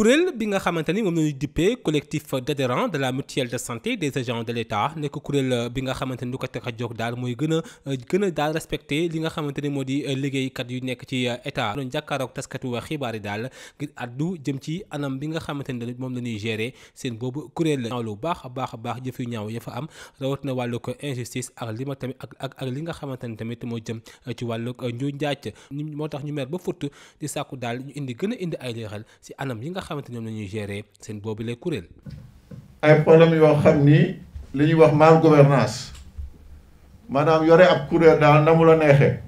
kuréel bi nga xamante ni moom la ñuy dippee collectif d'adhérents de la mutuelle de santé de agents de l'État nekk kuréel bi nga xamante ni lu ko tax a jóg daal mooy gën a gën a daal respecté li nga xamante ni moo di liggéeykat yu nekk ci état doon jàkkaarook taskatu xibaar yi daal ngir addu jëm ci anam bi nga xamante ni moom la ñuy gérer seen boobu kuréel ñaaw lu baax a baax a baax jëf yu ñaaw ya fa am rawat na wàll ko injustice ak li ma tamit ak ak ak li nga xamante ni tamit moo jëm ci wàllu njuuj njaaj moo tax ñu mer ba futt di sàkku daal ñu indi gën a indi ay leeral si xamante ñoom lañuy ñuy gérer seen boobu les kuréel. ay problème yoo xam nii li ñuy wax mal gouvernance maanaam yore ab kuréel daal na mu la neexee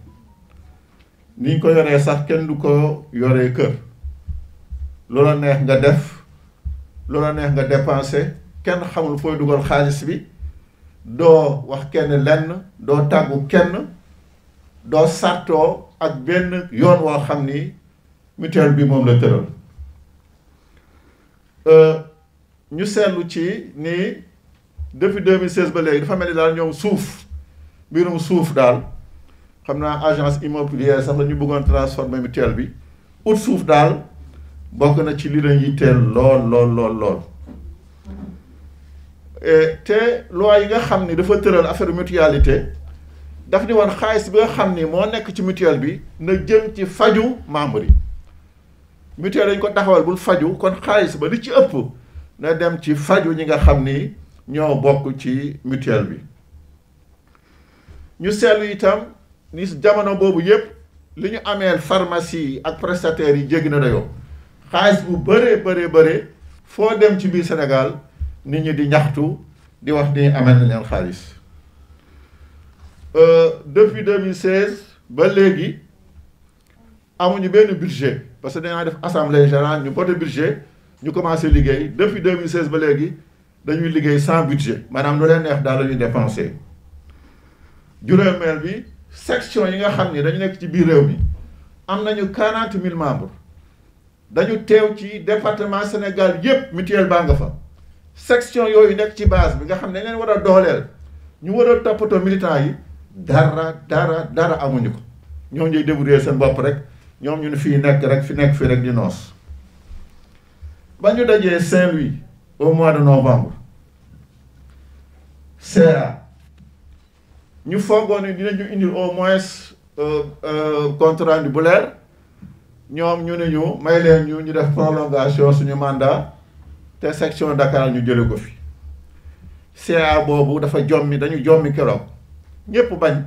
ni ñu ko yoree sax kenn du ko yoree kër loola neex nga def loola neex nga dépenser kenn xamul fooy dugal xaalis bi doo wax kenn lenn doo tàggu kenn doo sartoo ak benn yoon woo xam ni mutuelle bi moom la tëral Euh, ñu seetlu ci ni depuis deux 2016 ba léegi dafa mel ni daal ñoom suuf mbirum suuf daal xam naa agence immobilière sax la ñu bëggoon transformer mutuelle bi ut suuf daal bokk na ci li leen yitteel lool lool lool lool. te loi yi nga xam ni dafa tëral affaire mutualité daf ni wan xaalis bi nga xam ni moo nekk ci mutuelle bi na jëm ci faju membre yi. mutuel dañ ko taxawal bul faju kon xaalis ba li ci ëpp na dem ci faju ñi nga xam ni ñoo bokk ci mutuelle bi ñu seetlu itam ni jamono boobu yépp li ñu ameel pharmacie ak prestataires yi jéggi na dayoo xaalis bu bëree bëree bëree foo dem ci biir Sénégal nit ñi di ñaxtu di wax ni amel na leen xaalis euh, depuis 2016 ba léegi amuñu benn budget parce que dañaa def assemblée générale ñu voté budget ñu commencé liggéey depuis 2016 ba léegi dañuy liggéey sans budget maanaam lu leen neex daal la ñuy dépensé juróomeel bi section yi nga xam ni dañu nekk ci biir réew mi am nañu quarante mille membres dañu teew ci département Sénégal yépp mutuelle baa nga fa section yooyu nekk ci base bi nga xam ne dañ leen war a dooleel ñu war a toppatoo militants yi dara dara dara amuñu ko ñoo ñuy débrouiller seen bopp rek ñoom ñu ne fii nekk rek fi nekk fii rek di noos ba ñu dajee Saint-Louis au mois de novembre CA ñu foogoon ni dinañu indil au moins compte rendu bu leer ñoom ñu ne ñu may leen ñu ñu def prolongation suñu mandat te section Dakar ñu jële ko fi CA boobu dafa jommi dañu jommi keroog ñépp bañ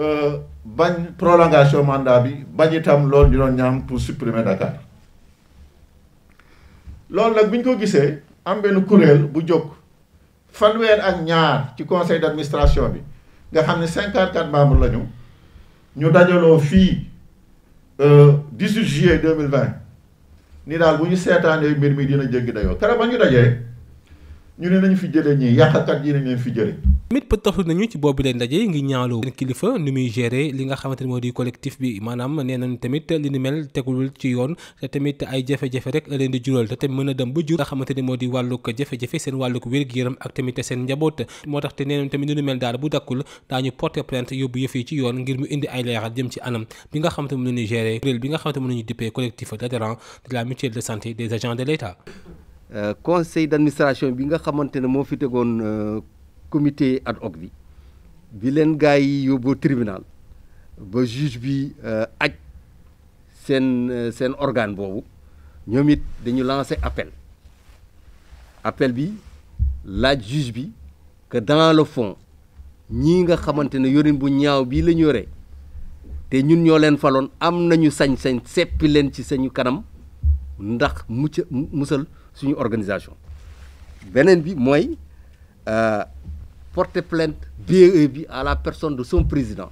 Euh, bañ prolongation mandat bi bañ itam loolu di doon ñaam pour supprimer Dakar loolu nag bi ñu ko gisee am benn kuréel bu jóg fanweer ak ñaar ci conseil de d'administration bi nga xam ne 54 membres lañu ñu dajaloo fii 18 euh, juillet 2020 ni daal bu ñu seetaanee mbir mi dina jéggi dayoo keroog ba ñu dajee. ñu ne nañu fi jëlee ñii yàqkat yi ne leen fi jëlee. tamit pëtaxlu nañu ci boobu leen ndaje ngi ñaaloo seen kilifa nu muy gérer li nga xamante ne moo di collectif bi maanaam nee nañu tamit li ni tegul ci yoon tamit ay jafe-jafe rek leen di jural te tamit ba jur nga xamante ne moo di wàllug jafe-jafe seen wàllug wér-gu-yaram seen njaboot moo tax te nee nañu tamit li ni mel daal bu dakkul daañu porter plainte yóbbu yëf ci yoon ngir mu indi ay leeral jëm ci anam bi nga xamante ne nu nañu gérer bi nga xamante ne mën nañu dippee collectif adhérent de la mutuelle de santé des agents de l'État Euh, conseil d'administration bi nga xamante ne moo fi tegoon euh, comité at hoc bi bi leen gars yi yóbboo tribunal ba juge bi euh, aj seen seen organe boobu ñoom it dañu lancé appel appel bi laaj juge bi que dans le fond ñii nga xamante ne yorin bu ñaaw bii lañu yore te ñun ñoo leen faloon am nañu sañ-sañ seppi leen ci sañu kanam ndax mucc musal suñu organisation beneen bi mooy euh, porte plainte DE bi à la personne de son président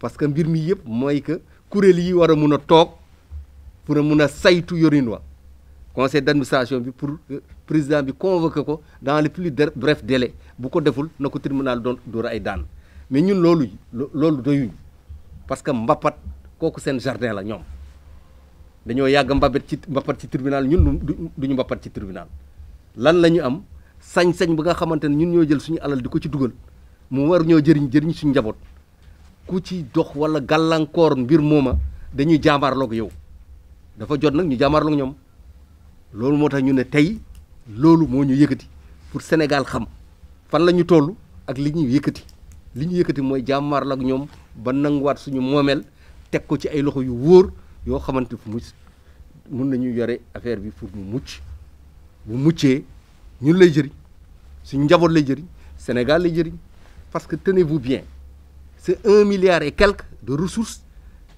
parce que mbir mi yëpp mooy que kuréel yi war a mun a toog pour a mun a saytu yorin wa conseil d'administration bi pour euh, président bi convoqué ko dans le plus bref délai bu ko deful na ko tribunal doon door ay daan mais ñun loolu loolu doyuñ parce que mbappat kooku seen jardin la ñoom dañoo yàgg mbabat ci mbapat ci tribunal ñun duñu mbapat ci tribunal lan la ñu am sañ-sañ bu nga xamante ne ñun ñoo jël suñu alal di ko ci dugal mu war ñoo jëriñ jëriñ suñu njaboot ku ci dox wala gàllankoor mbir mooma dañuy jaamaarloog yow dafa jot nag ñu jaamaarloog ñoom loolu moo tax ñu ne tey loolu moo ñu yëkkati pour Sénégal xam fan la ñu toll ak li ñuy yëkkati li ñu yëkkati mooy jaamaarloog ñoom ba nanguwaat suñu moomeel teg ko ci ay loxo yu wóor yoo xamante fu mu mun nañu yore affaire bi pour mu mucc bu muccee ñun lay jëriñ suñu njaboot lay jëriñ Sénégal lay jëriñ parce que tenez bu bien c'est un milliard et quelques de ressources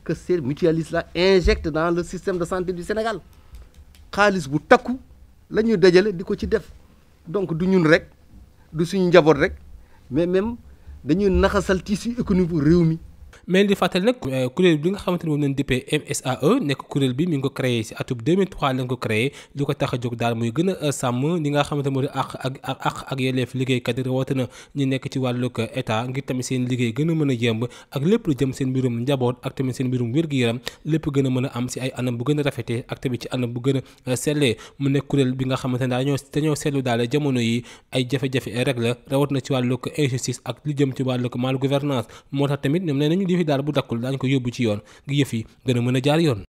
que ces mutualistes-là injectent dans le système de santé du Sénégal xaalis bu takku la ñuy dajale di ko ci def donc du ñun rek du suñu njaboot rek mais même dañuy naxasal tissu économique réew mi mais di fàttali nag euh, kuréel bi nga xamante ni moom lañ dippee MSAE nekk kuréel bi mi ngi ko créé si atum 2003 lañ ko créé lu ko tax a jóg daal muy gën a euh, sàmm li nga xamante moo ak àq ak yelleef liggéeykat yi rawatina ñu nekk ci wàllug état ngir tamit seen liggéey gën a mën a yemb ak lépp lu jëm seen mbirum njaboot ak tamit seen mbirum wér-gu-yaram lépp gën a mën a am si ay anam bu gën a rafetee ak tamit ci anam bu gën a euh, sellee mu kuréel bi nga xamante ne dañoo dañoo seetlu daal jamono yi ay jafe rek la rawatina ci wàllug injustice ak li jëm ci wàllug mal gouvernance moo tax tamit ñoom nee ñu fi daal bu dakkul daañu ko yóbbu ci yoon ngir yëf yi gën a mën a jaar yoon